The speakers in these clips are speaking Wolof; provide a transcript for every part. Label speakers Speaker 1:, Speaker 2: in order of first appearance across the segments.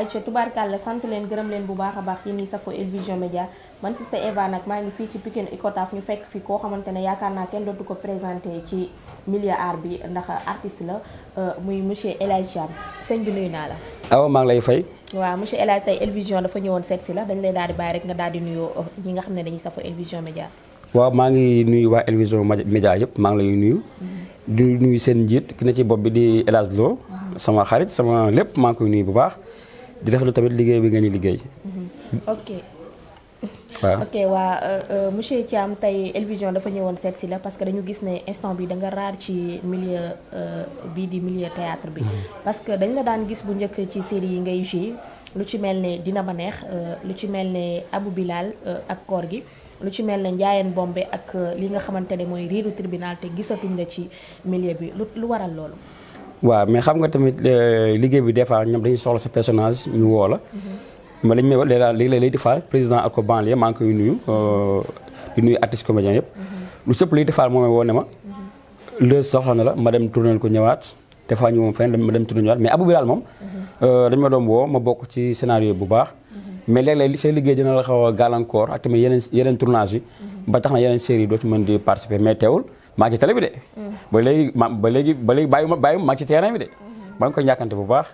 Speaker 1: Aïcha la sant leen gërëm leen bu baax a baax yéen ñi safo El Vision Média man si sa Eva nag maa ngi fii ci Pikine Icotaf ñu fekk fi koo xamante ne yaakaar naa kenn dootu ko présenté ci milieu art bi ndax artiste la euh, muy monsieur El Hadj Thiam sëñ bi nuyu naa la.
Speaker 2: awa maa ngi lay fay.
Speaker 1: waaw monsieur El Hadj tey El Vision dafa ñëwoon seet si la dañ lay daal di bàyyi rek nga daal di nuyoo euh, ñi nga xam ne dañuy safo El Vision Média.
Speaker 2: waaw maa ngi nuyu waa El Vision Média yëpp maa ngi lay nuyu. Mm-hmm. di nuyu seen njiit ki ne ci bopp bi di El Hadj mm-hmm. sama xarit sama lépp maa ngi koy bu baax di def lu tamit liggéey bi ngeen di liggéey. Mm-hmm. ok. waaw
Speaker 1: ok waa euh, euh, monsieur Thiam tey Elvision dafa ñëwoon seet si la parce que dañu gis ne instant bi da nga raar ci milieu euh, bii di milieu théâtre bi. Mm-hmm. parce que dañ la daan gis bu njëkk ci série yi ngay joué lu ci mel ne dina ba neex lu ci mel ne Abu Bilal ak koor gi lu ci mel ne Njaayeen Bombe ak li nga xamante ne mooy riiru tribunal te gisatuñ la ci millier bi lu lu waral loolu.
Speaker 2: wa mais xam nga tamit euh, liggéey bi des ñom dañuy soxla ce personnage ñu woo la ma lañ may wax léegi daal léegi lay di faal président Arco Banlieue ma ngi koy nuyu euh nuyu artiste comédien yëpp lu sepp liy defal moom woné ma le soxla na la ma dem tournel ko ñëwaat des fois ñu moom feneen ma dem tourné ñëwaat mais abou bilal mom euh dañ ma doom wo ma bok ci scénario bu baax mais léeg li sey liggéey dina la xawa galancor ak tamit yenen yenen tournage yi ba tax na yeneen série do ci mën di participer mais téwul maa ngi ci télé bi de. Mm. ba léegi ma ba léegi ba léegi bàyyi ma bàyyi ma maa ci terrain bi de. Mm-hmm. maa ngi koy ñàkkante bu baax.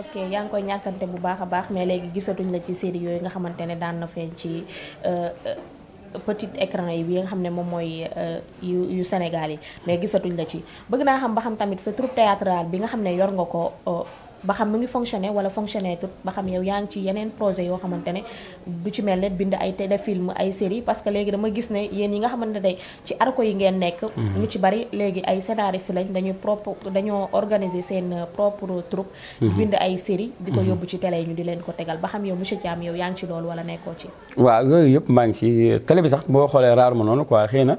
Speaker 1: ok yaa ngi koy ñàkkante bu baax a baax mais léegi gisatuñ la ci série yooyu nga xamante ne daan na feeñ ci euh, euh, petit écran yi bi nga xam ne moom mooy euh, yu yu Sénégal yi mais gisatuñ la ci bëgg naa xam ba xam tamit sa troupe théâtrale bi nga xam ne yor nga ko. ba xam mu ngi fonctionné wala fonctionné tout ba xam yow yaa ngi ci yeneen projet yoo xamante ne ci mel ne bind ay téléfilm ay série parce que léegi dama gis ne yéen yi nga xamante ne day ci arko yi ngeen nekk mhm. ñu ci bari léegi ay scénariste lañ dañuy propre dañoo organiser seen propre troupe mhm. bind ay série di ko mhm. yóbbu ci télé yi ñu di leen ko tegal ba xam yow monsieur Thiam yow yaa ngi ci loolu wala nekkoo ci
Speaker 2: waaw yooyu yëpp maa ngi ci télé sax boo xoolee rarement noonu quoi xëy na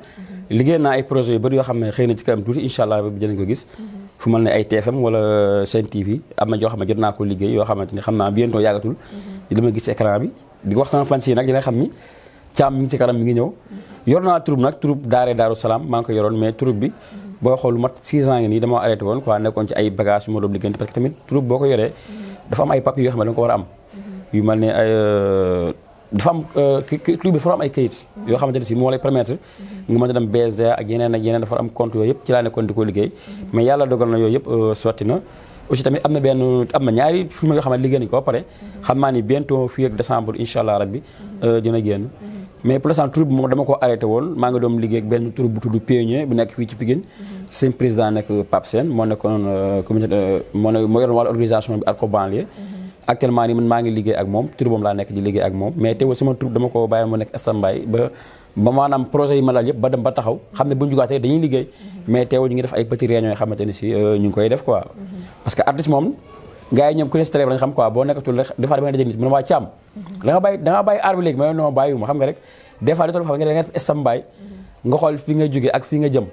Speaker 2: liggéey naa yoo xam ne xëy na ci kanam tuuti incha allah bi dinañ fu mel ne ay TFM wala Sen TV am na joo xam ne jot naa ko liggéey yoo xamante ni xam naa bi bientôt yàggatul. Mm-hmm. di dama gis écran bi di wax sama fans yi nag dina xam ni caam mi ngi ci kanam mi ngi ñëw. Mm-hmm. yor naa troupe nag troupe Daare Daaru Salaam maa ngi ko yoroon mais troupe bi. Mm-hmm. boo xool lu mat 6 ans nii dama arrêté woon quoi nekkoon ci ay bagages yu ma doon liggéeyante parce que tamit troupe boo ko yoree. dafa am ay papiers yoo xam ne da ko a am. yu mel ne ay euh, dafa am euh, club bi dafa am ay kayit yoo xam ne si moo lay permettre nga mën a dem BSDA ak dafa am compte yooyu yëpp ci laa nekkoon liggéey mais yàlla dogal na yooyu yëpp euh, sotti na aussi am na benn am na ñaari film yoo xam ne liggéey nañu ko xam naa ni bientôt fii incha allah rabbi euh, dina génn mais pour l'instant troupe bi moom dama ko arrêté woon maa ngi liggéey ak benn troupe bu tudd pionnier bu nekk fii ci Pikine seen président nekk Pape Sène moo nekkoon communauté moo ne moo yoroon wàllu organisation bi ak ko banlieue actuellement nii man maa ngi liggéey ak moom tur boobu laa nekk di liggéey ak moom mais teewul sama tur dama ko bàyyi mu nekk standby ba ba maanaam projet yi ma laal dem ba taxaw xam ne bu ñu jugaatee dañuy liggéey mhm. mais teewul ñu ngi def ay petits réunions euh, koy def quoi mhm. parce que artiste moom gars yi ñoom boo nekkatul rek des fois dama dajeg nit mu ne waa càmm mhm. da nga bàyyi da nga bàyyi aar bi léegi mais non bàyyiwuma xam nga rek des fois di tol xam nga def standby nga xool fi nga jógee ak fi nga jëm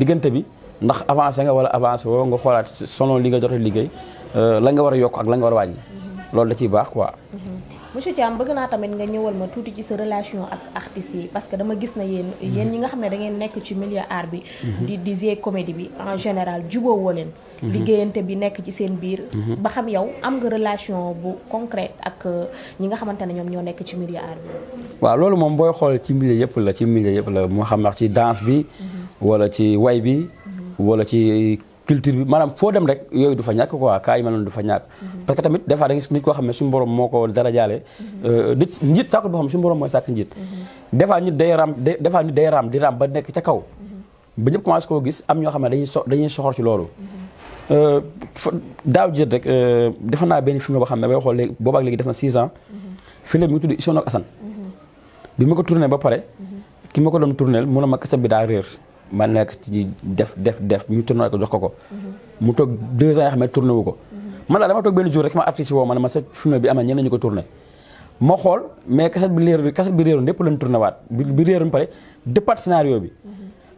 Speaker 2: diggante bi ndax avancé nga wala avancé woo nga xoolaat selon li nga jot a liggéey euh, la nga war a yokk ak la nga war a wàññi. Mhm. loolu da ciy baax quoi.
Speaker 1: Mhm. monsieur Thiam bëgg naa tamit nga ñëwal ma tuuti ci sa relation ak artistes yi parce que dama gis na yéen mhm. yéen ñi nga xam ne da ngeen nekk ci milieu art bi di di comédie bi en général juboo woo leen
Speaker 2: liggéeyante
Speaker 1: bi nekk ci seen biir ba xam yow am nga relation bu concrète ak euh, ñi nga xamante ne ñoom ñoo nekk ci milieu art
Speaker 2: waaw loolu moom booy xool ci milieu yëpp la ci milieu yëpp la moo xam ndax ci danse bi wala ci way bi wala ci culture bi maanaam foo dem rek yooyu du fa ñàkk quoi kaa yi mel du fa ñàkk. Mhm. parce que tamit des fois da nga nit koo xam ne suñu borom moo ko dara jaale. Mhm. Euh, nit njiit sàkkul boo xam suñu borom mooy sàkk nit des nit day ram mhm. des fois nit day ram di ram ba nekk ca kaw. ba ñep commencé koo gis am ñoo xam ne dañuy dañuy soxor ci euh daaw jeet rek euh, defa naa benn film bo xam ne bay xol léegi boobaak léegi def na 6 ans. film bi tuddi tudd Isono ak bi ma ko ba pare. ki mako ko tourner tourné mu ma kaset bi da rerre man nekk ci def def def ñu tourné ko jox ko ko. mu toog deux ans yoo xam ne tourné wu ko. man daal dama toog benn jour rek ma artiste woo ma ne ma sa film bi am na ñenn ñu ko tourné. ma xool mais kaset bi réer kaset bi réeroon lépp lañ tourné waat bi bi réeroon pare départ scénario bi.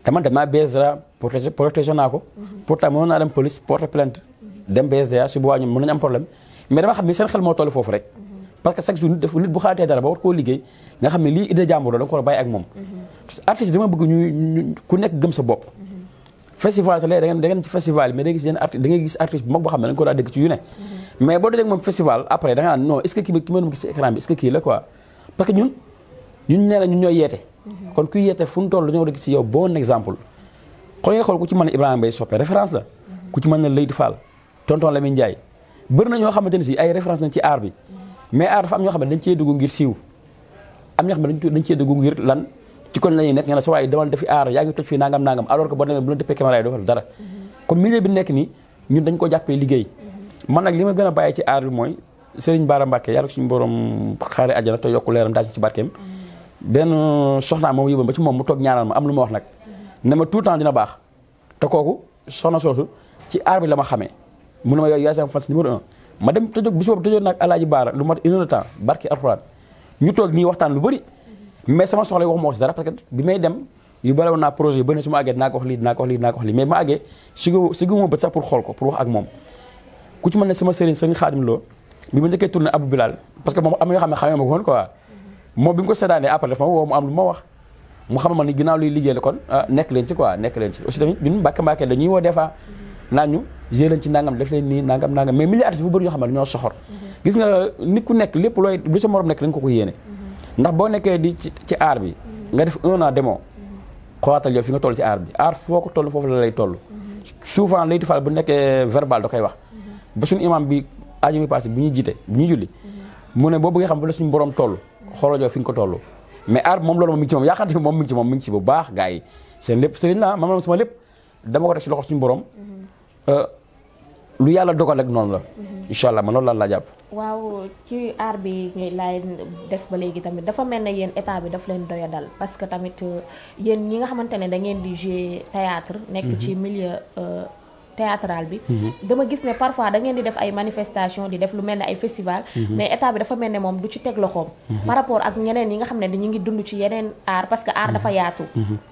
Speaker 2: te man damaa BSDA naa ko. pourtant mënoon naa dem police porte plainte dem BSDA su boobaa ñoom mën nañu am problème mais dama xam ni seen xel moo toll foofu rek. parce que chaque jour nit def nit bu xalaatee dara ba war koo liggéey nga xam ne lii idée da nga ko war a bàyyi ak moom. artiste dama bëgg ñu ku nekk gëm sa bopp. festival sax léegi da ngeen da ngeen ci festival mais da ngay gis yenn bu mag boo xam ne da nga daa dégg ci yu ne. mais boo dajee moom festival après da nga naan non kii ki ma doon gis ci écran bi est ce que kii la quoi parce que ñun ñun nee na ñun ñooy yeete. kon kuy yeete fu dañoo war a gis ci yow bon exemple. xool nga xool ku ci mën Ibrahima na ñoo xamante ne si ay référence nañ ci art mais aar dafa am ñoo xam ne dañ cee dugg ngir siiw am ñoo xam ne dañ cee dugg ngir lan ci kon lañuy nekk nga ne sa waaye demal defi aar yaa ngi toj fii nangam nangam alors que boo demee bu mm-hmm. bi nekk nii ñun dañ ko jàppee liggéey mm-hmm. man nag li ma gën a bàyyi ci aar bi mooy Serigne Bara Mbacké yàlla ko suñu borom xaare àjjana te yokku leeram daal ci barkeem mm-hmm. benn soxnaa moom yóbbu ba ci moom mu toog ñaanal ma am lu ma wax nag ne ma tout le temps dina baax te kooku soxna soosu ci aar la ma xamee mu ne ma yooyu yaay sama fans ma dem tëjoo bis boobu tëjoon nag alaaji baara lu mat une temps barki alxuraan ñu toog nii waxtaan lu bari mais sama soxla yi waxuma ko si may dem yu bari woon naa projet yu ko wax lii dinaa ko wax lii dinaa ko wax lii mais ma àggee si si guma bët sax pour xool ko pour wax ak moom ku ci mën ne sama sëriñ sëriñ xaadim loo bi ma am na ma ko mu ko seetaanee après mu am lu ma wax mu xamal ma ni ginnaaw luy liggéey la kon ah, nekk leen ci quoi nekk leen ci aussi tamit ñun mbàkke mbàkke dañuy woo des fois naan ñu gis ci nangam def leen nii nangam nangam mais milieu artiste bu bëri ñoo xam ne ñoo soxor gis nga nit nekk lépp looy lu sa morom nekk da nga ko ko yéene ndax boo nekkee di ci aar bi nga def un an demoo xootal yow fi nga toll ci aar bi aar foo ko toll foofu la lay toll souvent lay defal bu nekkee verbal da koy wax ba suñu imam bi aaju bi ñuy jiite bi ñuy julli mu ne boo bëggee xam fa la suñu borom toll xoolal yow ko toll mais aar moom loolu moom mi ngi moom yaakaar naa moom bu baax gars yi seen lépp sëriñ la ah, maanaam sama si loxo lu yàlla dogal rek noonu la. incha allah man loolu la jàpp.
Speaker 1: waaw ci aar bi ngay laay des ba léegi tamit dafa mel ne yéen état bi daf leen doya dal parce que tamit euh, yéen ñi nga xamante ne da ngeen di jouer théâtre nekk mhm. ci milieu. Euh, théâtral bi mhm. dama gis ne parfois da ngeen di def ay manifestation di def lu melni ay festival mhm. mais état bi dafa melni mom du ci teg loxom mhm. par rapport ak ñeneen yi nga xamne dañu ngi dund ci yeneen art parce que art dafa yaatu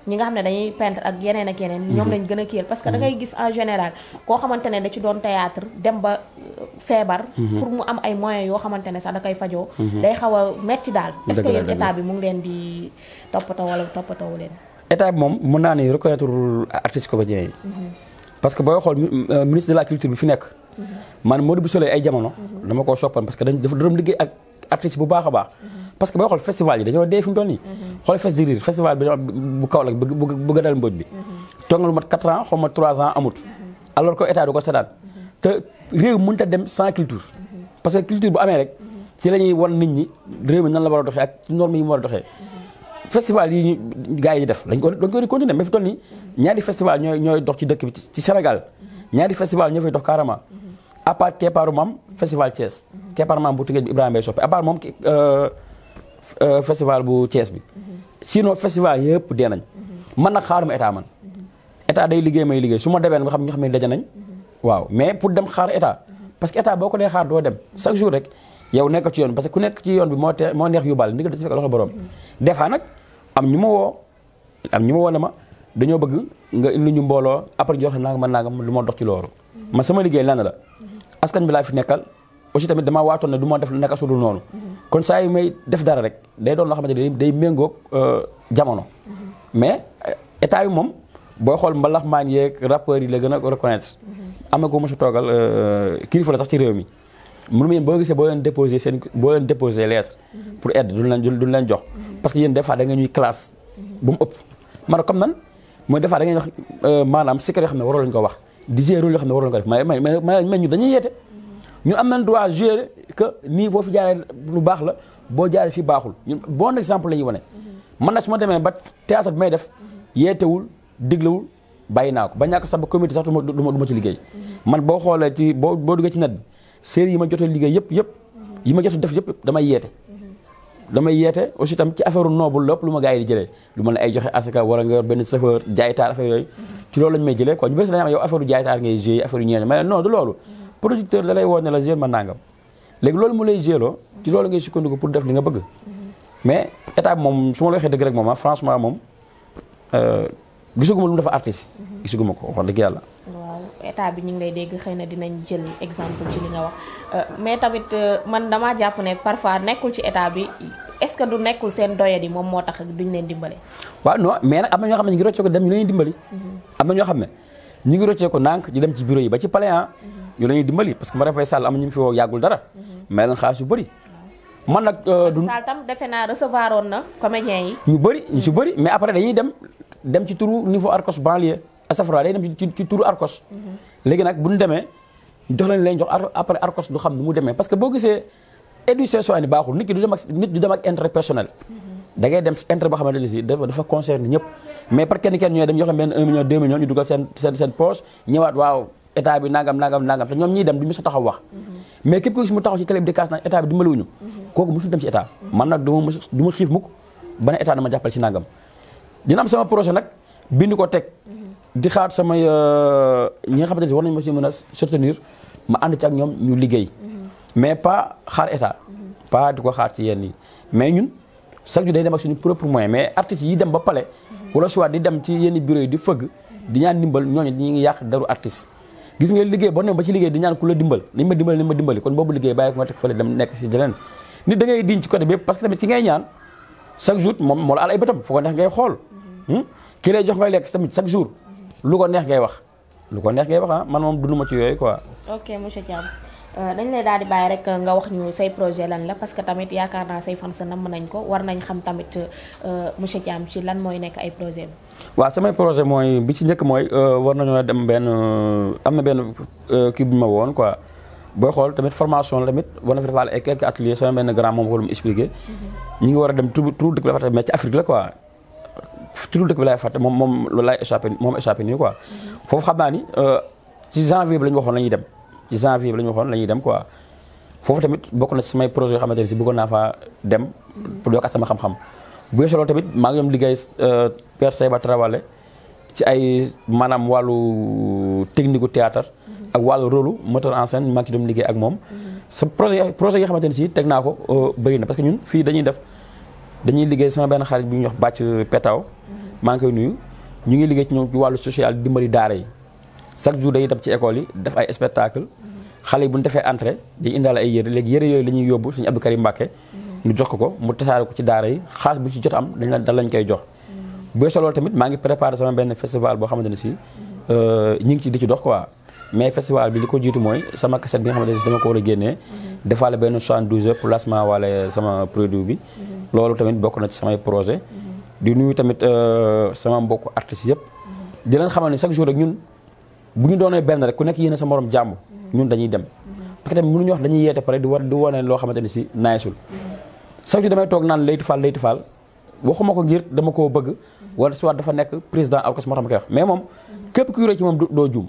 Speaker 1: ñi nga xamne dañuy peindre ak yeneen ak yeneen ñom lañu gëna kiyel parce que da ngay gis en général ko xamantene da ci doon théâtre dem ba euh, feebar pour mu am ay moyens yo xamantene sax da kay fajo day xawa metti dal parce que état bi mu ngi leen di topato wala wu leen
Speaker 2: état bi moom mën naa ni reconnaître artiste comédien yi parce que booy xool euh, ministre de la culture bi fi nekk. man Modou Bousso ay jamono. dama koo soppan parce que dañ dafa doon liggéey ak artiste bu baax a baax. parce que booy xool festival yi dañoo dee fi mu toll nii. xool riir festival bi bu Kaolack bu bu bu Gadal bi. toog na lu mat 4 amut. alors que état du ko seetaan. te réew mënut a dem sans culture. parce que culture bu amee rek. ci la ñuy wan nit ñi réew mi nan la a doxee ak normes war a doxee. festival yi ñu gars yi def lañ ko dañ ko continuer mais fi toll nii ñaari festival ñooy ñooy dox ci dëkk bi ci Sénégal ñaari festival ñoo fay dox carrément à part Keppaaru Maam festival Thiès Keppaaru Maam bu tëggeet bi Ibrahima Mbaye Sopé à part moom euh, euh, festival bu Thiès bi sinon festival yëpp dee nañ man nag xaaruma état man état day liggéey may liggéey su ma demee nga xam ñu xam ne daje nañ waaw mais pour dem xaar état parce que état boo ko dee xaar doo dem chaque jour rek yow nekk ci yoon parce que ku nekk ci yoon bi moo te moo neex yóbbaale ndigal dafa fekk loxo borom des fois nag am ñu ma woo am ñi ma woo ne ma dañoo bëgg nga indi ñu mbooloo après ñu wax ne nangam lu ma dox ci loolu ma sama liggéey lan la askan bi laa fi nekkal aussi tamit dama waatoon ne du ma def nekk su dul noonu kon saa yi may def dara rek day doon loo xamante ne day méngoog euh, jamono mais euh, état bi moom boo xool mbalax maan yeeg rappeurs yi la gën a reconnaître am na ko mos a toogal euh, kilifa la sax ci réew mi mënu yéen boo gisee boo leen déposé seen boo leen déposé lettre pour aide duñ leen duñ leen jox parce que yéen des fois da nga ñuy classe ba mu ëpp maanaam comme nan mooy des fois da ngeen wax euh, maanaam secret yoo xam ne waroo lañ ko wax di jouer rôle yoo xam ne waroo lañ ko def mais mais mais ñu dañuy yeete ñun am nañ droit jouer que nii boo fi jaaree lu baax la boo jaaree fi baaxul ñun bon exemple la ñuy wane man nag su ma demee ba théâtre bi may def yeetewul diglewul bàyyi naa ko ba ñàkk sax ba comité sax du ma du ma ci liggéey man boo xoolee ci boo boo duggee ci net bi série yi ma jot a liggéey yëpp yëpp yi ma jot def yëpp damay yeete damay yeete aussi tam ci noo affaire noble lépp lu ma gars yi di jëlee lu ma la ay joxe asaka wala nga yor benn chauffeur jaaytaar affaire yooyu ci loolu lañ may jëlee ko ñu bëri dañu am yow affaire jaaytaar ngay gérer affaire ñeene mais non du loolu producteur da lay woo ne la gérer ma nangam léegi loolu mu lay géeloo ci loolu ngay sukkandiku pour def li nga bëgg mais état moom su ma la waxee dëgg rek moom ah, franchement moom euh, gisuguma lu mu dafa artiste mm-hmm. gisuguma ko dëgg yàlla
Speaker 1: état bi ñu ngi lay dégg xëy na dinañ jël exemple ci li nga wax euh, mais tamit euh, man damaa jàpp ne parfois nekkul ci état bi est-ce que du nekkul seen doyadi moom moo tax duñ leen dimbale.
Speaker 2: waaw non mais nag am ñoo xam ne ñu ngi roccee ko dem ñu mm-hmm. ñoo xam ne ñu ngi roccee ko nànk ñu dem ci bureau yi ba ci palais ah. ñu mm-hmm. leen dimbali parce que Marème Faye Sall am ñu fi woo yàggul dara. Mm-hmm. may leen xaalis yu bëri. man nag euh, du Sall
Speaker 1: tam defe naa recevoir woon na comédiens yi.
Speaker 2: ñu bëri ñu si bëri mais après dañuy dem dem ci turu niveau Arcos banlieue astafurlah day dem ci ci Arcos. léegi nag bu ñu demee jox leen leen jox après Arcos du xam nu mu demee parce que boo gisee éducation ni baaxul nit ki du dem ak nit du dem ak intérêt personnel. da dem si intérêt boo xamante dem dem du ñu sa taxaw wax. mais képp ko gis mu taxaw ci télé bi di kaas naan état bi dimbaliwuñu. kooku mosul dem si état. man nag du ma xiif mukk ba ne dama jàppale si nangam dina am sama projet nag bind ko teg di xaar sama euh, ñi nga xamanteni war nañ ma ci mëna soutenir ma and ci ak ñom ñu liggéey mm-hmm. mais pas xaar état mm-hmm. pas diko xaar ci yenn mais ñun sax ju day dem ak suñu propre moyen mais artiste yi dem ba palé mm-hmm. wala soit di dem ci yenn bureau yi di feug di ñaan nimbal ñooñu ñi ngi yàq daru artiste gis nga liggéey bo ne ba ci liggéey di ñaan ku la dimbal ni ma dimbal ni ma dimbali kon bobu liggéey bàyyi ko tek fele dem nek ci jelen ni da ngay diñ ci côté bi parce que tamit ci ngay ñaan chaque jour mom mo la ay bëtam fu ko neex ngay xool hmm? ki lay jox ngay lek tamit chaque jour lu ko neex ngay wax lu ko neex ngay wax ah man moom dunduma ci yooyu quoi.
Speaker 1: ok monsieur Thiam euh, dañ lay daal di bàyyi rek nga wax ñu say projet lan la parce que tamit yaakaar naa say fans namm nañ ko war nañ xam tamit euh, monsieur Thiam ci lan mooy nekk ay projet bi.
Speaker 2: waaw samay projet mooy bi ci njëkk mooy euh, war nañoo dem benn am na benn kii bi ma woon quoi. booy xool tamit formation la tamit war na fa defaale ay quelques ateliers sama benn grand moom ko lu mu expliqué. Mhm. ñu ngi war a dem tout tout la quoi. turu dëkk bi laay fàtte moom moom loolu laay échappé moom échappé nii quoi. foofu xam naa ni euh, ci janvier bi la waxoon la ñuy dem ci janvier bi la ñu waxoon la ñuy dem quoi. foofu tamit bokk na samay projet yoo xamante ne si bëggoon faa dem pour sama xam-xam bu yeesoo loolu tamit maa ngi ñoom liggéey euh, Père ci ay maanaam wàllu technique gu théâtre ak wàllu rôle metteur en scène maa ngi ci liggéey ak moom. Mm-hmm. sa projet projet yoo xamante ne si teg naa ko euh, bëri na parce que ñun fii dañuy def. dañuy liggéey sama benn xarit bi ñu wax bàcc petaw maa ngi koy nuyu ñu ngi liggéey ci ñoom ci wàllu social dimbali daara yi chaque jour dañuy dem ci école yi def ay spectacle xale yi bu ñu defee entrée day indaale ay yére léegi yére yooyu la ñuy yóbbu suñu Abdou Karim Mbàkke ñu jox ko ko mu tasaare ko ci daara yi xaalis bu ci jot am dañ la da lañ koy jox bu solool tamit maa ngi préparé sama benn festival boo xamante ne si euh, ñu ngi ci di ci dox quoi mais festival bi li ko jiitu mooy sama cassette bi nga xamante ne ko war a génnee defaale benn 72 heures placement waale sama produit bi. loolu tamit bokk na ci samay projet di nuyu tamit euh, sama mbokku artistes yëpp. di leen xamal ne chaque jour rek ñun bu ñu doonee benn rek ku nekk yéene sa moroom jàmm ñun dañuy dem. parce que tamit mënuñu wax dañuy yeete pare di war di wane loo xamante ni si naayisul. chaque jour damay toog naan Leyti Fall Leyti Fall waxuma ko ngir dama koo bëgg. wala soit dafa nekk président Arcos moo tax ma koy wax mais moom képp ku ci moom doo juum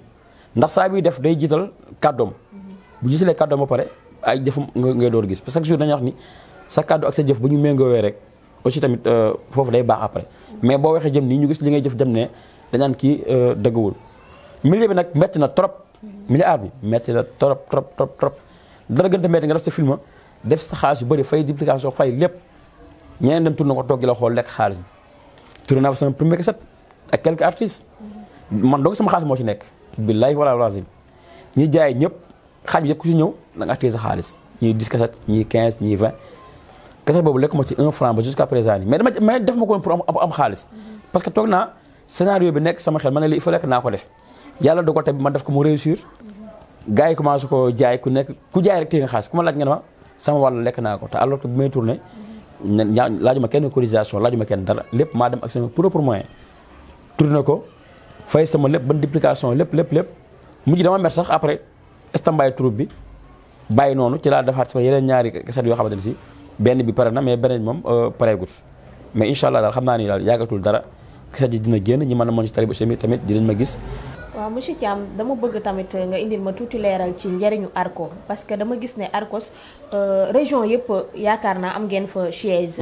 Speaker 2: ndax saa def day jiital kàddoom bu jiitalee kàddoom ba pare ay jëfum ngay door gis que chaque jour dañuy wax ni sa kàddu ak sa jëf bu ñu méngoowee rek aussi tamit euh, foofu day baax après mais boo wexee jëm nii ñu gis li ngay jëf dem ne dañaan kii euh, dëggawul milieu bi nag metti na trop milieu art bi metti na trop trop trop trop dara gën a metti nga def sa film def sa xaalis yu bëri fay duplication fay lépp ñeneen dem tourné ko toog di la xool lekk xaalis bi tourné naa fa sama premier cassette ak quelques artistes man doog sama xaalis moo ci nekk billahi wala lazim ñi jaay ñëpp xaaj bi yëpp ku ci ñëw da nga téye sa xaalis ñii 10 kaset ñii 15 ñii 20 kaset boobu lekk ma ci 1 franc ba jusqu'à présent nii mais dama mais def ma ko woon pour am am xaalis parce que toog naa scénario bi nekk sama xel ma ne lii il faut lekk naa ko def yàlla dogal tamit ma def ko mu réussir gars yi commencé ko jaay ku nekk ku jaay rek téye nga xaalis ku ma laaj nga ne ma sama wàll lekk naa ko te alors que bi may tourné laajuma kenn cotisation laajuma kenn dara lépp maa dem ak sama propre moyen tourné ko fay sama lépp ban duplication lépp lépp lépp mujj dama mer sax après estambaay troupe bi bàyyi noonu ci laa defaat sama yeneen ñaari kaset yoo xamante ne si benn bi pare na mais beneen moom euh, pareegut mais incha allah daal xam naa ni daal yàggatul dara kaset yi dina génn ñi mën a mën ci taribu chemise tamit dinañ ma gis
Speaker 1: waaw monsieur Thiam dama bëgg tamit nga indi ma tuuti leeral ci njëriñu ARCO parce que dama gis ne ARCOS euh, région yëpp yaakaar naa am ngeen fa siège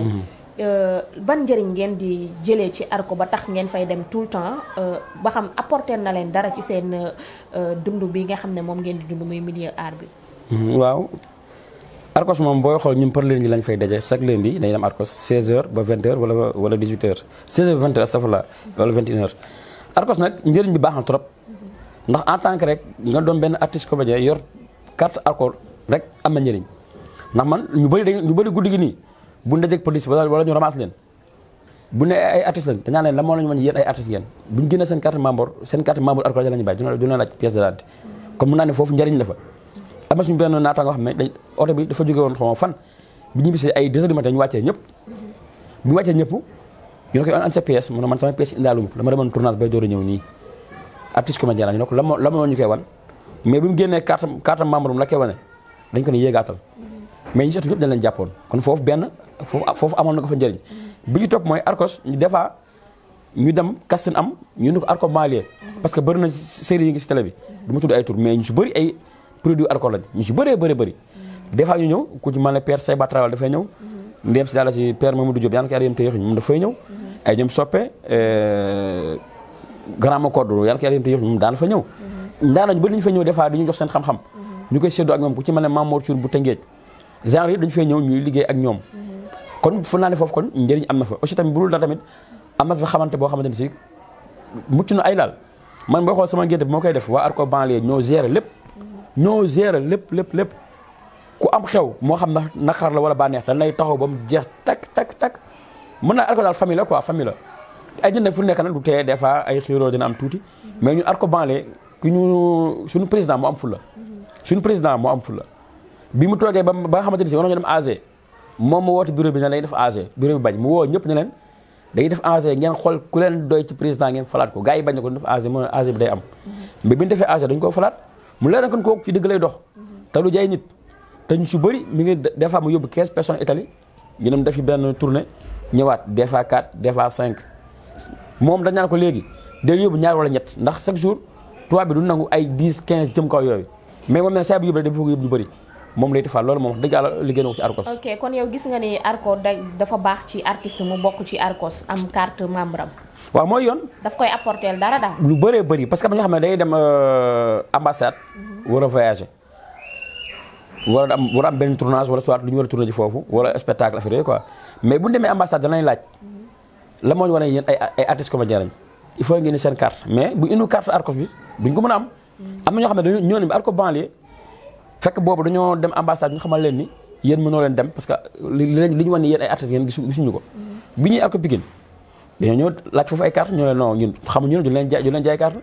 Speaker 1: Euh, ban njëriñ ngeen di jëlé ci arko ba tax ngeen fay dem tout temps euh ba xam apporter na leen dara ci seen euh, dundu bi nga xamne mom ngeen di dundu muy milieu art bi
Speaker 2: mm-hmm. waaw Arcos mom boy xol ñun par ni lañ fay dajé daje leen di dañ dem Arcos 16h ba 20h wala wala 18h 16h ba 20h astafurlah wala 21h Arcos nak njëriñ bi baax trop
Speaker 3: mm-hmm.
Speaker 2: ndax en tant que rek nga doon ben artiste ko comédien yor carte alcool rek am na njëriñ ndax man ñu bari ñu bari guddigi ni bu ñu dajeg police wala ñu ramasse leen bu ne ay artistes lañ dañaa leen la moo la ñu mañ yéen ay artistes ngeen bu ñu génnee seen carte membre seen carte membre arcola la ñu bàyyi du na laaj pièce d'identité comme mun naa na suñu benn dafa jóge woon xaw ma fan bi ñu bisee ay deux wàccee ñëpp bu ñu wàccee ñëpp ñu ne ko an sa pièce mu ne man sama pièce indaalum dama demoon tournage bay door la ñu ne ko la moo la moo ñu koy wan mais bi mu génnee carte carte membre la koy wane dañ ko ne yéegaatal mais ñi seetu ñëpp dañ leen jàppoon kon foofu benn foofu foofu amoon na ko fa njëriñ bi ñu topp mooy Arcos ñu defaa fois ñu dem kastin am ñu ne ko Arcos Malien parce que bëri na série yi ngi bi du ma tudd ay tur mais ñu su bëri ay produit alcool ñu su bëree bëri bëri des fois ñu ñëw ku ci mën a père Seyba dafay ñëw ndéem si yàlla si père Mamadou Diop yaan ko yàlla yem dafay ñëw ay ñoom soppe euh, grand Makodou yaan ko yàlla yem te yoxuñ moom daan fa ñëw ndaanañu bëri nañu fa ñëw des fois dañu jox seen xam-xam ñu koy séddoo ak moom ku ci mën a Mamour Thioune bu Tëngéej genre yëpp dañu fay ñëw ñuy liggéey ak ñoom kon fu naa ne foofu kon njëriñ am na fa aussi tamit bu dul dara tamit am na fa xamante boo xamante ne si mucc na ay laal man boo xool sama ngénte moo koy def waa Arco banlieue ñoo gérer lépp ñoo gérer lépp lépp lépp ku am xew moo xam na naqar la wala bànneex dañ lay taxaw ba mu jeex takk takk takk mën naa Arco daal famille la quoi famille fu nekk nag du teye des fois ay xiiroo dina am tuuti mais ñu ar ko banlieue ku ñu suñu président moo am fulla suñu président moo am fulla bi mu toogee ba ba nga xamante ni si war mu woote bureau bi na lay def AG bureau bi bañ mu woo ñëpp ne leen dañuy def AG ngeen xool ku leen doy ci président ngeen falaat ko gars yi bañ na ko def AG mu
Speaker 3: ne
Speaker 2: AG falaat mu leer na kon kooku ci dëgg lay te lu jaay nit te ñu su bëri mi ngi des fois mu yóbbu 15 personnes Italie ñu dem defi benn tournée ñëwaat des fois 4 des fois 5 moom dañ naan ko léegi del yóbbu ñaar wala ñett ndax chaque jour 3 bi du nangu ay 10 15 jëm kaw yooyu mais moom nag saa bu yóbbu rek dafa yóbbu ñu bëri moom lay defal loolu moom wax dëgg yàlla liggéey
Speaker 1: na ni Arcos dafa baax ci artiste mu bokk ci Arcos am membre am. waaw mooy yoon. daf koy apporter dara daal.
Speaker 2: lu bëree bëri parce que am na ñoo xam ne day dem euh, ambassade. Mhm. war a voyager. war a am a am benn tournage wala soit lu ñu war a tourner foofu wala spectacle affaire yooyu quoi mais bu ñu demee ambassade danañ laaj. Mhm. la moo ñu wane yéen ay ay artistes comédiens lañ il faut ngeen seen carte mais bu indi carte Arcos bi duñ ko mën a am. Mhm. am na ñoo xam ne dañoo ñëw ne Arcos banlieue fekk boobu dañoo dem ambassade ñu xamal leen ni yéen mënoo leen dem parce que li li ñu wax ni yéen ay artistes yéen gisuñu ko bi ñuy arko Pikine dañoo ñëw laaj foofu ñu ñu leen jaay ñu leen jaay carte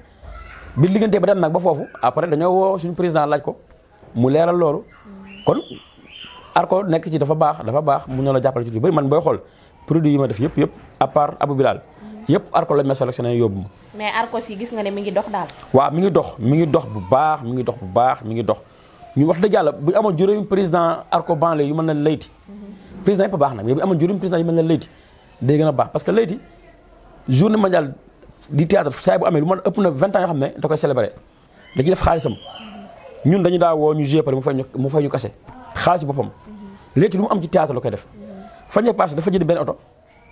Speaker 2: bi liggante ba dem nag ba foofu après dañoo woo suñu président laaj ko mu leeral loolu kon arko nekk ci dafa baax dafa baax mun na la jàppale ci lu man booy xool produit yi ma def yëpp yëpp à part Abou Bilal yëpp arko lañ ma sélectionné yóbbu
Speaker 1: mais arko si gis nga ne mi ngi dox daal
Speaker 2: waa mi ngi dox mi ngi dox bu baax mi ngi dox bu baax mi ngi dox ñu wax dëgg yàlla bu amoon juróomi président arco-banlieue yu mën na layti président yëpp baax nag mais bu amoon juróomi président yu mën na layti day gën a baax parce que layti journée mondiale du théâtre saa bu amee lu ma ëpp na vingt ans yoo xam ne da koy célébrer ñun dañu daa woo ñu joué pare mu fay ñu mu fay ñu kase xaalis boppam léegi lu mu am ci théâtre lu koy def fañee passé dafa jënd benn oto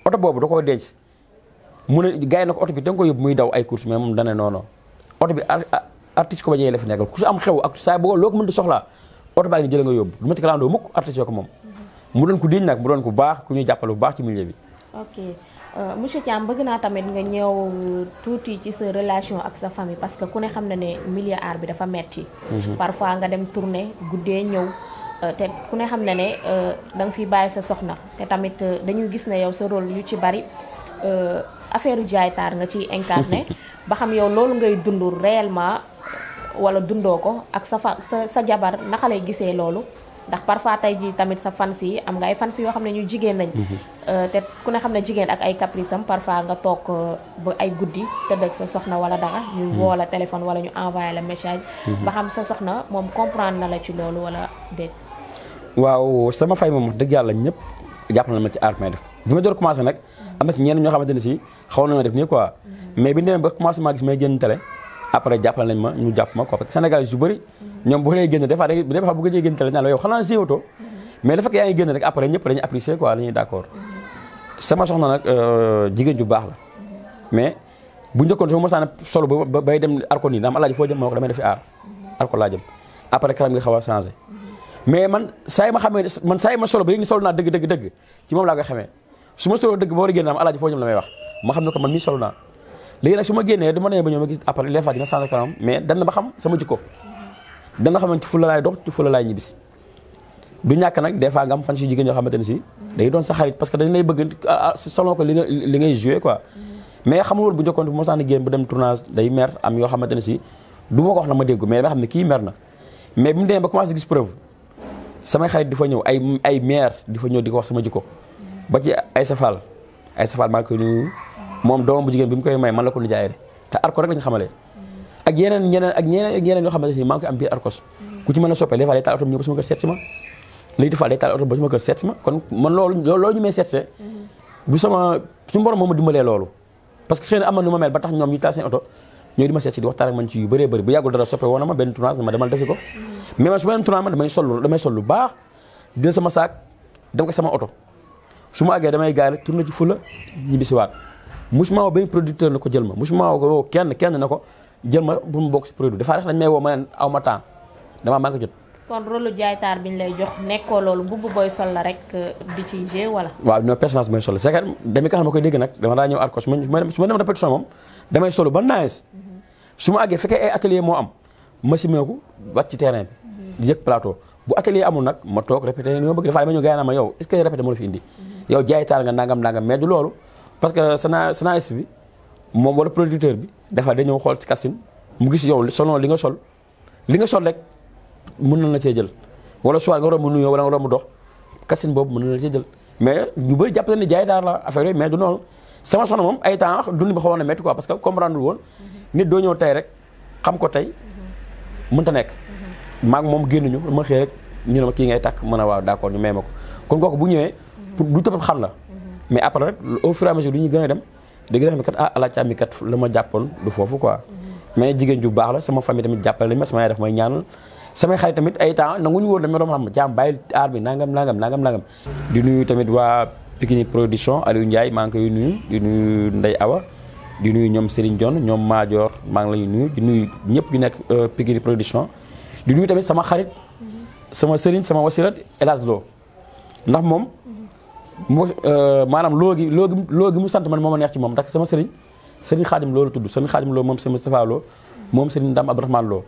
Speaker 2: oto boobu da koo denc mu ne gars yi na ko oto bi da nga ko yóbbu muy daw ay course mais moom dane non artiste ko ba ñëwee la fi nekkal ku si am xew ak saa boo loo ko mënti soxlaa oto baa ngi jël nga yóbbu lu ma ci kalandoo mukk ko moom mhm. mu doon ku diñ nag mu doon ku baax ku ñuy jàppale bu baax ci milieu bi
Speaker 1: ok euh, monsieur Thiam bëgg naa tamit nga ñëw tuuti ci sa relation ak sa famille parce que ku ne xam na ne millier art bi dafa metti mhm. parfois nga dem tournée guddee ñëw euh, te ku ne xam na ne euh, da nga fiy bàyyi sa soxna te tamit dañuy gis ne yow sa rôle yu ci bari affaire jaay taar nga ci incarné ba xam yow loolu ngay dund réellement wala dundoo ko ak sa fa sa sa jabar naka lay gisee loolu ndax parfois tey jii tamit sa fans yi am nga ay fans yoo xam ne ñu jigéen lañ. Mhm. Euh, te ku ne xam ne jigéen ak ay caprice am parfois nga toog euh, ba ay guddi tëdd ak sa soxna wala dara. ñu mhm. woo la téléphone wala ñu envoyé la message. Mhm. ba xam sa soxna moom comprendre na la ci loolu wala déet.
Speaker 2: waaw sama fay moom dëgg yàlla ñëpp jàpp na ma ci aar may def bi ma door commencé nag. am na ci ñenn ñoo xamante ne si xaw na ma def mais bi ñu demee ba commencé maa gis may génn après jàppal nañ ma ñu jàpp ma ko parce que sénégalais yu bëri ñoom boo dee génn des fois da des fois bu gëjee génn tele naan la yow xanaa siiwatoo mais dafa fekk yaa ngi génn rek après euh, jigéen ju baax la mais bu njëkkoon sama mosaan solo ba bay dem arko nii naam alaaji foo jëm ma ko damay defi aar arko laa jëm après karam gi xaw a changé mais man saa yi ma xamee man saa yi ma solo ba yëg ni solo naa dëgg dëgg dëgg ci moom laa koy xamee su ma solo dëgg ba war a génn naam alaaji foo jëm la may wax ma xam ne ko man mii solo naa léegi nag su ma génnee dama demee ba ñëw ma gis après les fois dina changé kanam mais dem na ba xam sama jikko da nga xamante ci fula dox ci fula laay du ñàkk nag des fois nga am fan si jigéen yoo xamante ne si day doon sa xarit parce que dañ lay bëgg ah, ah, selon que li nga li ngay joué quoi mais xamul woon bu njëkkoon bu mosaan génn bu dem tournage day mer am yoo xamante ne si du ma ko wax na ma déggu mais dama xam ne kii mer na mais bi mu demee ba commencé gis preuve fa ñëw ay ay maire di fa ñëw di wax sama jikko ba ci ay safal ay safal maa ngi moom doomam bu jigéen bi mu koy may man la ko nijaay de te arko rek lañ xamale ak yeneen ñeneen ak ñeneen yeneen yoo xamante ni maa ngi koy am biir arkos ku ci a soppee des fois day taal ma léegi des fois day taal oto ba man que xëy na am na nu ma mel ba tax ñoom ñu taal seen oto ñooy di ma seet si di waxtaan ak man ci soppe woon na ma benn tournage ma ko su ma dem damay sol damay sol lu baax dina sama oto su ma àggee damay gaare tourné ci fula ñibbisiwaat musuma woo benn producteur na ko jël ma musuma woo kenn kenn na ko jël ma bu mu bokk si produit dafa rex ma ma temps damaa maa ngi jot.
Speaker 1: kon rôle jaaytaar lay jox nekkoo loolu mbubb booy sol la rek di ci jeu wala.
Speaker 2: waaw non personnage xam ma koy dégg nag dama daa ñëw arcos ma su ma dem solo ba nice su ma àggee fekkee ay atelier moo am ma simeeku wàcc ci terrain bi di yëg plateau bu atelier amul nag ma toog répété li ma bëgg dafa ma ñu gaay naa ma yow est-ce la fi indi yow jaaytaar nga nangam nangam mais loolu parce que sana scénariste bi moom wala producteur bi dafa dañoo xool ci casting mu gis yow selon li nga sol li nga sol rek mën na la cee jël wala soit nga romb nuyoo wala nga romb dox casting boobu mën na la cee jël mais ñu bëri jàpp ne jaay daar la affaire yooyu mais du noonu sama soxna moom ay temps dund bi xawoon na métti quoi parce que comprendre woon mhm. nit doo ñëw tey rek xam ko tey mhm. mënut a nekk mhm. maag moom génnuñu ma xëy rek ñu ne ma kii ngay takk mën a waaw d'accord ñu may ma ko kon kooku bu ñëwee pour du tëb xam la mais après rek au fur et à mesure ñu gëna dem da na kat ah alaaj caam mi kat lama ma du fofu quoi mais jigen ju bax la sama famille tamit jappal nañ ma sama def daf may ñaanal samay xarit tamit ay temps nanguñu woon dama doon xam jam bayil ar bi nangam nangam nangam nangam di nuyu tamit wa Pikini production Aliou Ndiaye ma ngi nuyu di nuyu Ndeye Awa di nuyu ñom Serigne Dione ñom major ma ngi lay nuyu di nuyu ñepp yu nek euh, Pikini production di nuyu tamit sama xarit sama Serigne sama wasirat El Lo ndax mom moo euh, maanaam loo gi loo gi loo gi mu sant man moo ma neex ci moom ndax sama sëriñ sëriñ xaadim loo tudd sëriñ xaadim loo moom sëriñ Moustapha loo moom sëriñ Ndam Abdourahmane loo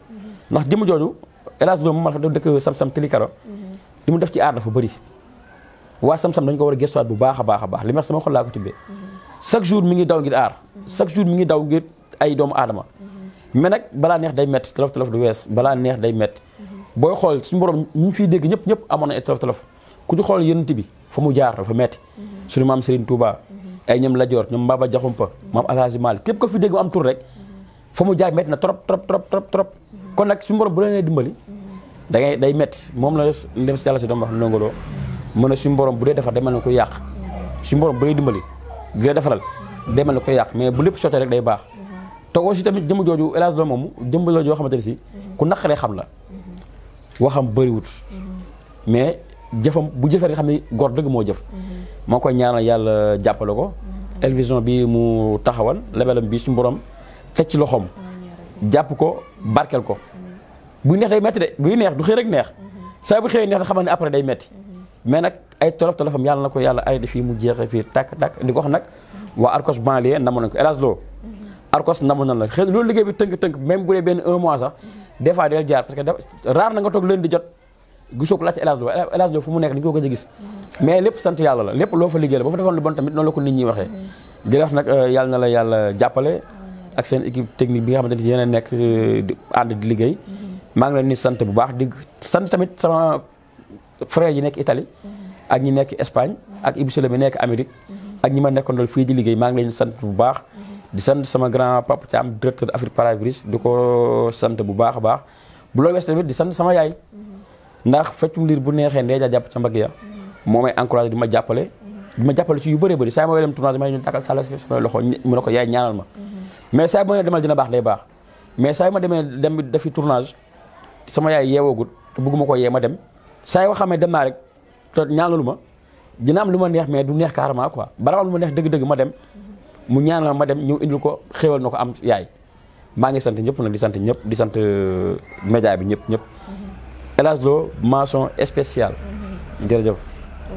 Speaker 2: ndax jëmm jooju hélas loo ma daf dëkk sam-sam tilikaro li mu def ci aar dafa bëri waa sam-sam dañu ko war a bu baax a baax a baax li ma sama xol laa ko tibbee chaque jour mi ngi daw ngir aar chaque jour mi ngi daw ngir ay doomu aadama mais nag balaa neex day métti tolof tolof du wees balaa neex day métti booy xool suñu borom ñu fiy dégg ñëpp ñëpp amoon na ay tolof tolof ku ci xool yënti bi fa mu jaar dafa metti suñu maam Serigne Touba ay ñoom Lajoor ñoom Mbaba Jaxumpa maam Alhaji Malick képp ko fi dégg mu am tur rek fa mu jaar metti na trop trop trop trop trop kon nag suñu borom bu la da ngay day metti moom la dem si yàlla si doom wax nongoloo mu ne suñu borom bu dee defar day na ko yàq suñu borom bu dee dimbali bu dee defaral day mel ko yàq mais bu lépp sottee rek day baax te aussi tamit jëmm jooju El Hadj Lo moomu jëmm la si ku naqaree xam la waxam bëriwut mais jëfam bu jëfee nga xam ne góor dëgg moo jëf mhm. moo koy ñaanal yàlla jàppale ko mhm. Elvision bi mu taxawal lebelam bi suñu borom teg ci loxoom mhm. jàpp ko barkel ko buy neex day metti de buy neex du xëy rek neex saa bu xëyee neex da xamal ne après day metti mais nag ay tolof tolofam yàlla na ko yàlla arrêté fii mu jeexee fii tàkk tàkk di ko wax nag waa Arcos banlieue namoon nañ ko El Hadj Lo Arcos namoon nañ la xëy loolu liggéey bi tënk-tënk même bu dee benn un mois leen di jot gisoo ko laaj El Hadj Lo fu mu nekk ni dañu ko gëj a gis mais lépp sant yàlla la lépp loo fa liggéey la boo fa defoon lu bon tamit noonu la ko nit ñi waxee di wax euh, na la yàlla jàppale ak seen équipe technique bi nga xam ne yéen a nekk euh, ànd di liggéey maa ngi leen ni sant bu baax di sant tamit sama frère yi nekk Italie ak ñi nekk Espagne ak Ibou bi nekk Amérique ak ñi ma nekkoon fii di liggéey maa ngi leen sant bu baax di sant sama grand papa Thiam directeur Afrique Paravis di ko sant bu baax a baax bu loolu tamit di sant sama yaay ndax feccum liir bu neexee ndeejaa japp ci mbag ya momay may dima di dima jàppale ci yu bëree bëri saa ma dem tournage may ñu tàkkal sala sama loxo mu ne yaay ñaanal ma mais saa ma ne demal dina bax day bax mais saa ma demee dem dafi tournage sama yaay yeewoogut te bëgguma ko yee ma dem saa yoo xam dem naa rek te ñaanalu ma dina am luma neex mais du neex carrément quoi baraw luma neex deug deug ma dem mu ñaanal ma dem ñu indul ko xewal nako am yaay ma ngi sante ñëpp nag di sante ñëpp di sante euh, média bi ñëpp ñëpp Elas Lo mention spéciale. Mhm. jërëjëf.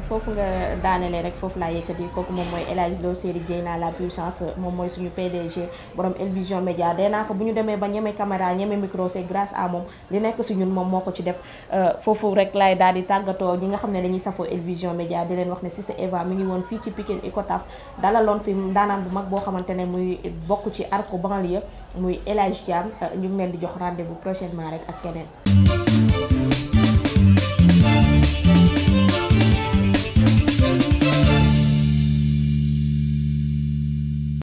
Speaker 1: fofu nga daanelee rek fofu la yëkkati kooku mom moy El Hadj Lo Seri Dieyna la puissance mom moy suñu PDG borom Elvision Media Média dee naa ko bu ñu ba ñeme caméra ñeme micro c'est grâce à mom li nekk si ñun moom moo ci def euh, fofu rek lay daali tagato tàggatoo ñi nga xam dañuy safo Elvision Media di leen wax ne c'est Eva mi ngi woon fii ci Pikine Icotaf dalaloon fi daanaan bu mag bo xamantene muy bokku ci arco banlieue muy Elage Diam euh, ñu ngi leen di jox rendez-vous prochainement rek ak keneen.